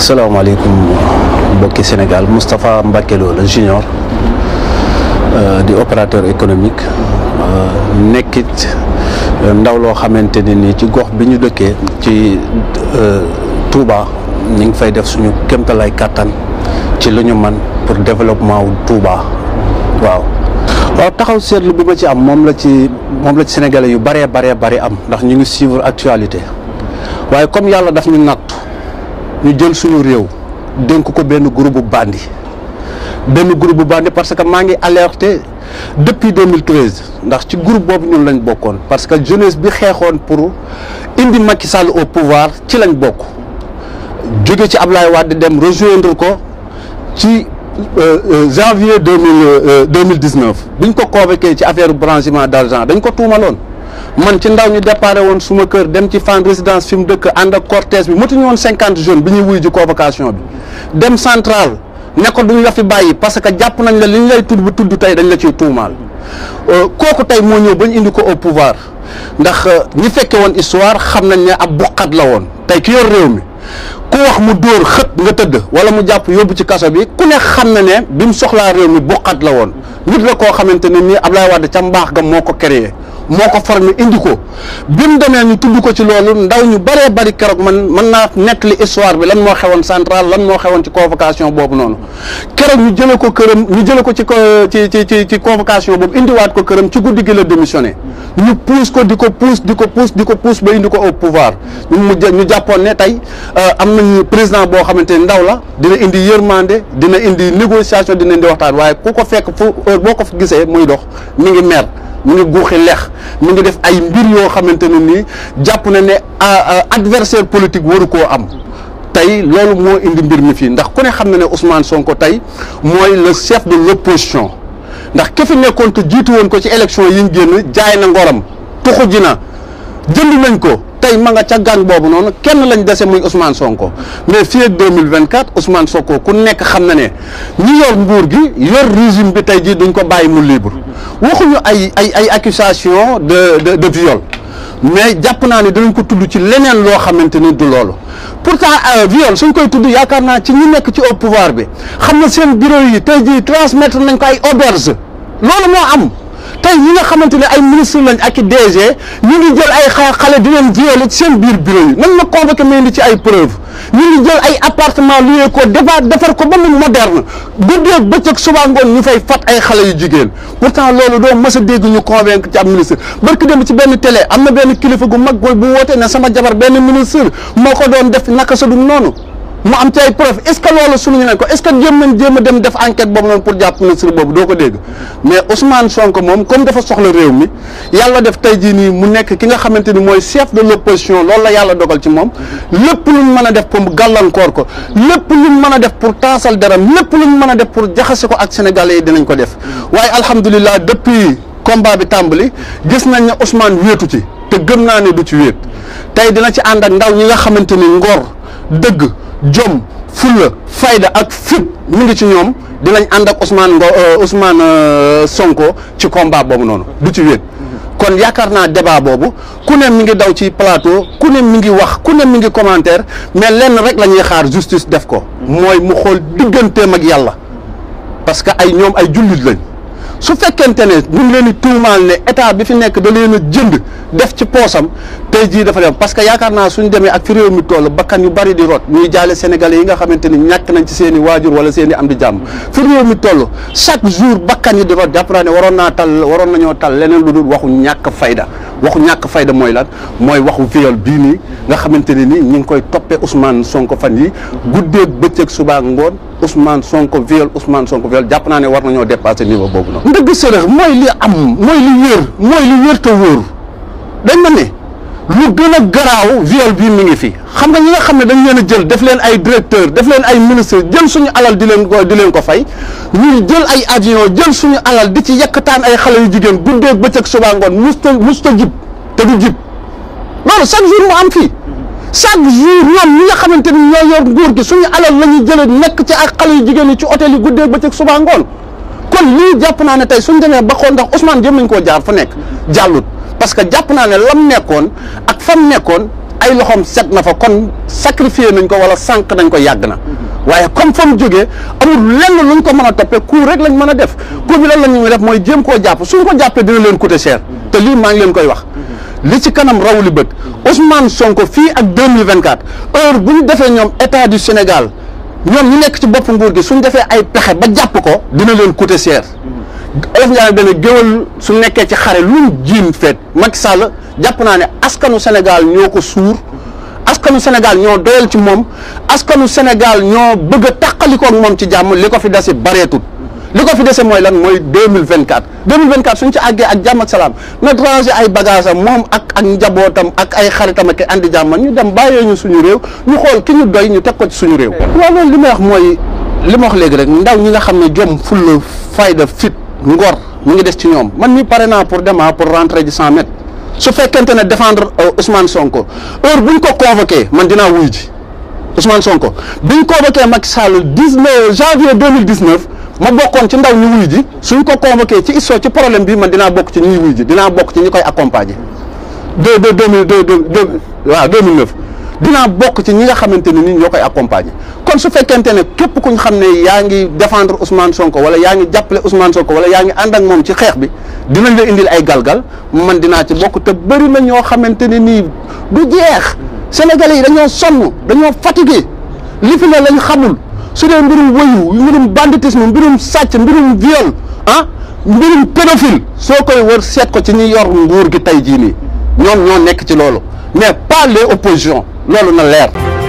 salaamaaleykum mbokki Sénégal Moustapha Mbacké Lo la junior euh, di opérateur économique euh, nekkit euh, ndaw loo xamante ne ni ci gox bi ñu dëkkee ci Touba ñu ngi fay def suñu kéemtalaay kàttan ci lu ñu man pour développement wu Touba waaw. waaw taxaw seetlu bi ma ci am moom la ci moom la ci sénégalais yu baree baree bari am ndax ñu ngi suivre actualité waaye comme yàlla daf ñu natt. ñu jël suñu réew dénk ko benn groupe bu bandi benn groupe bu bandi parce que maa ngi alerté depuis 2013 ndax ci groupe boobu ñun lañu bokkoon parce que jeunesse bi xeexoon pour indi Macky Sall au pouvoir ci lañ bokk jóge ci Ablaye Wade dem rejoindre ko ci euh, euh, janvier deux mille euh, deux mille dix-neuf bi ñu ko convoqué ci affaire blanchiment d'argent dañ ko tuumaloon. man ci ndaw ñu déparé woon suma kër dem ci fan résidence fi mu dëkk ànd ak cortège bi matuñu woon cinquante jeunes bi ñuy wuy ji convocation bi dem central ne ko duñ la fi bàyyi parce que jàpp nañ la li ñu lay tudd bu tudd tey dañ la ciy tuumaal euh, kooku tey moo ñëw ba ñu indi ko au pouvoir ndax euh, ñu fekke woon histoire xam nañ ne ab buqat la woon tey ki yor réew mi ku wax mu dóor xët nga tëdd wala mu jàpp yóbbu ci kaso bi ku ne xam na ne bi mu soxlaa réew mi buqat la woon nit la koo xamante ne nii Ablaye Wade ca mbaax moo ko créé moo ko formé indi ko bi mu demee ñu tudd ko ci loolu ndaw ñu bëree bari keroog man mën naa li histoire bi lan moo xewoon central lan moo xewoon ci convocation boobu noonu keroog ñu jële ko këram ñu jële ko ci ci ci ci ci convocation boobu indiwaat ko këram ci guddi gi la démissionné ñu pousse ko di ko pousse di ko pousse di ko pousse ba indi ko au pouvoir ñu mu ñu jàppoon ne tey euh, am nañu président boo xamante ne ndaw la dina indi yërmande dina indi négociation dina indi waxtaan waaye ku ko fekk fu boo ko gisee muy dox mi ngi mu ngi guuxi leex mu ngi def ay mbir yoo xamante ne nii jàpp na ne adversaire politique waru koo am tey loolu moo indi mbir mi fii ndax ku ne xam na ne Ousmane Sonko tey mooy le chef de l'opposition ndax ki fi nekkoon te jiitu woon ko ci élection yi ñu génn jaay na ngoram tuxu ji na jënd nañ ko tey ma nga ca gaañ boobu noonu kenn lañ dese muy Ousmane Sonko mais fii ak 2024 Ousmane Sonko ku nekk xam na ne ñi yor nguur gi yor régime bi tey jii duñ ko bàyyi mu libre waxuñu ay ay ay accusation de de de viol mais jàpp naa ne danañ ko tudd ci leneen loo xamante ni du loolu pourtant euh, viol suñ koy tudd yaakaar naa ci ñu nekk ci au pouvoir bi xam na seen bureau yi tey jii transmettre nañ ko ay auberge loolu moo am tey ñi nga xamante ni ay ministre lañ ak i DG ñu ngi jël ay xale di leen jiyale ci seen biir bureau yi nañ ma convoqué mais indi ci ay preuve ñu ngi jël ay appartement luyee ko defar defar ko ba mu moderne guddee bëccëg suba ngoon ñu fay fat ay xale yu jigéen pourtant loolu doo mës a dégg ñu convaincre ci ab ministre barki dem ci benn télé am na benn kilifa gu mag bu wootee ne sama jabar benn ministre moo ko doon def naka sa du noonu mu am ci ay preuve est ce que loolu suñu ne ko est ce que jéem nañ a dem def enquête boobu noonu pour jàpp ministre boobu doo ko dégg mais Ousmane Sonko moom comme dafa soxla réew mi yàlla def tey jii nii mu nekk ki nga xamante ni mooy chef de l' opposition loolu la yàlla dogal ci moom lépp luñ mën a def pour gàllankoor ko lépp mu mën a def pour taasal deram lépp mu mën a def pour jaxase ko ak sénégalais yi dinañ ko def waaye alhamdulilah depuis combat bi tàmbali gis nañ ne Ousmane wéetu ci te gëm naa ne du ci wéet tey dina ci ànd ak ndaw ñi nga xamante ni ngor dëgg. jom fulla fayda ak fit mu ngi ci ñoom dinañ ànd ak Ousmane Ngo euh, Ousmane euh, Sonko ci combat boobu noonu du ci wéet kon yaakaar naa débat boobu ku ne mi ngi daw ci plateau ku ne mi ngi wax ku ne mi ngi commentaire mais lenn rek la xaar justice def ko mooy mu xool digganteem ak yàlla parce que ay ñoom ay jullit lañ su fekkente ne ñu ngi leen di tuumaal ne état bi fi nekk da leen a jënd def ci poosam tey jii dafa dem parce que yaakaar naa suñ demee ak fi réew mi toll bakkan yu bari di rot ñuy jaale sénégalais yi nga xamante ni ñàkk nañ ci seen i waajur wala seen am di jàmm fi réew mi toll chaque jour bakkan yi di rot jàpp naa ne waroon naa tal waroon nañoo tal leneen lu dul waxu ñàkk fayda waxu ñàkk fayda mooy lan mooy waxu viol bii nii nga xamante ne ni ñi ngi koy toppee Ousmane Sonko fan yi guddee bëccëg subaa ngoon Ousmane Sonko viol Ousmane Sonko viol jàpp naa ne war nañoo dépassé niveau boobu noonu. ndëgg sërëx mooy li am mooy li wér mooy li wér wóor dañ ma ne lu gën a garaaw viol bii mu ngi fi xam nga ñi nga xam ne dañ leen a jël def leen ay directeur def leen ay ministre jël suñu alal di leen ko di leen ko fay ñuy jël ay avion jël suñu alal di ci yekkataan ay xale yu jigéen guddeeg bëccëg suba ngoon musta musta jib te du jib loolu chaque jour mu am fii chaque jour ñoom ñi nga xamante ni ñoo yor nguur gi suñu alal la ñuy jëlee nekk ci ak xale yu jigéen yi ci hôtel yi guddeeg bëccëg suba ngoon kon lii jàpp naa ne tey suñ demee ba xool ndax Ousmane jëm nañ koo jaar fu nekk jàllut parce que jàpp naa ne lam nekkoon ak fam nekkoon ay loxoom set na fa kon sacrifié nañ ko wala sànq nañ ko yàgg na waaye comme fa mu jógee amul lenn luñ ko mën a toppee coup rek lañ mën a def coup bi lan la ñuy def mooy jëm koo jàpp suñ ko jàppee dina leen coûter cher te lii maa leen koy wax li ci kanam raw li bëgg Ousmane Sonko fii ak 2024 heure bu ñu defee ñoom état du Sénégal ñoom ñu nekk ci bopp nguur gi suñ defee ay pexe ba jàpp ko dina leen coûter cher olof Ndiaye benn géwal su nekkee ci xare lu jiin feet Macky sàll jàpp naa ne askanu Sénégal ñoo ko suur askanu Sénégal ñoo doyal ci moom askanu Sénégal ñoo bëgg a tàqalikook moom ci jàmm li ko fi dasi bareetut li ko fi dese mooy lan mooy 2024 2024 suñ ci àggee ak jàmm ak salaam na ranger ay bagage am moom ak ak njabootam ak ay xaritam ak indi jàmm ñu dem bàyyee ñu suñu réew ñu xool ki ñu doy ñu teg ko ci suñu réew waaw loolu li may wax mooy li ma wax léegi rek ndaw ñi nga xam ne jom fulla fayda fit ngor mu ngi des ci ñoom man mi pare naa pour dema ah, pour rentre di 100 mètres su fekkente ne défendre euh, Ousmane Sonko heure buñ ko convoqué man dinaa wuy ji Ousmane Sonko biñ convoqué Macky Sall 19 janvier 2019 ma bokkoon ci ndaw ñu wuy ji suñ ko convoqué ci ISO ci problème bi man dinaa bokk ci ñuy wuy ji dinaa bokk ci ñi koy accompagner deux deux deux mille deux deux waaw deux mille neuf dinaa bokk ci ñi nga xamante ne ni ñoo koy accompagner kon su fekkente ne képp ku ñu xam ne yaa ngi défendre Ousmane Sonko wala yaa ngi jàppale Ousmane Sonko wala yaa ngi ànd ak moom ci xeex bi dinañ la indil ay galgal man dinaa ci bokk te bëri na ñoo xamante ne nii du jeex sénégalais yi dañoo sonn dañoo fatigué li fi ne lañ xamul. su dee mbirum wëyu mbirum banditisme mbirum sàcc mbirum viol ah mbirum pédophile soo koy wër set ko ci ñi yor nguur gi tey jii nii ñoom ñoo nekk ci loolu mais pas les oppositions loolu na leer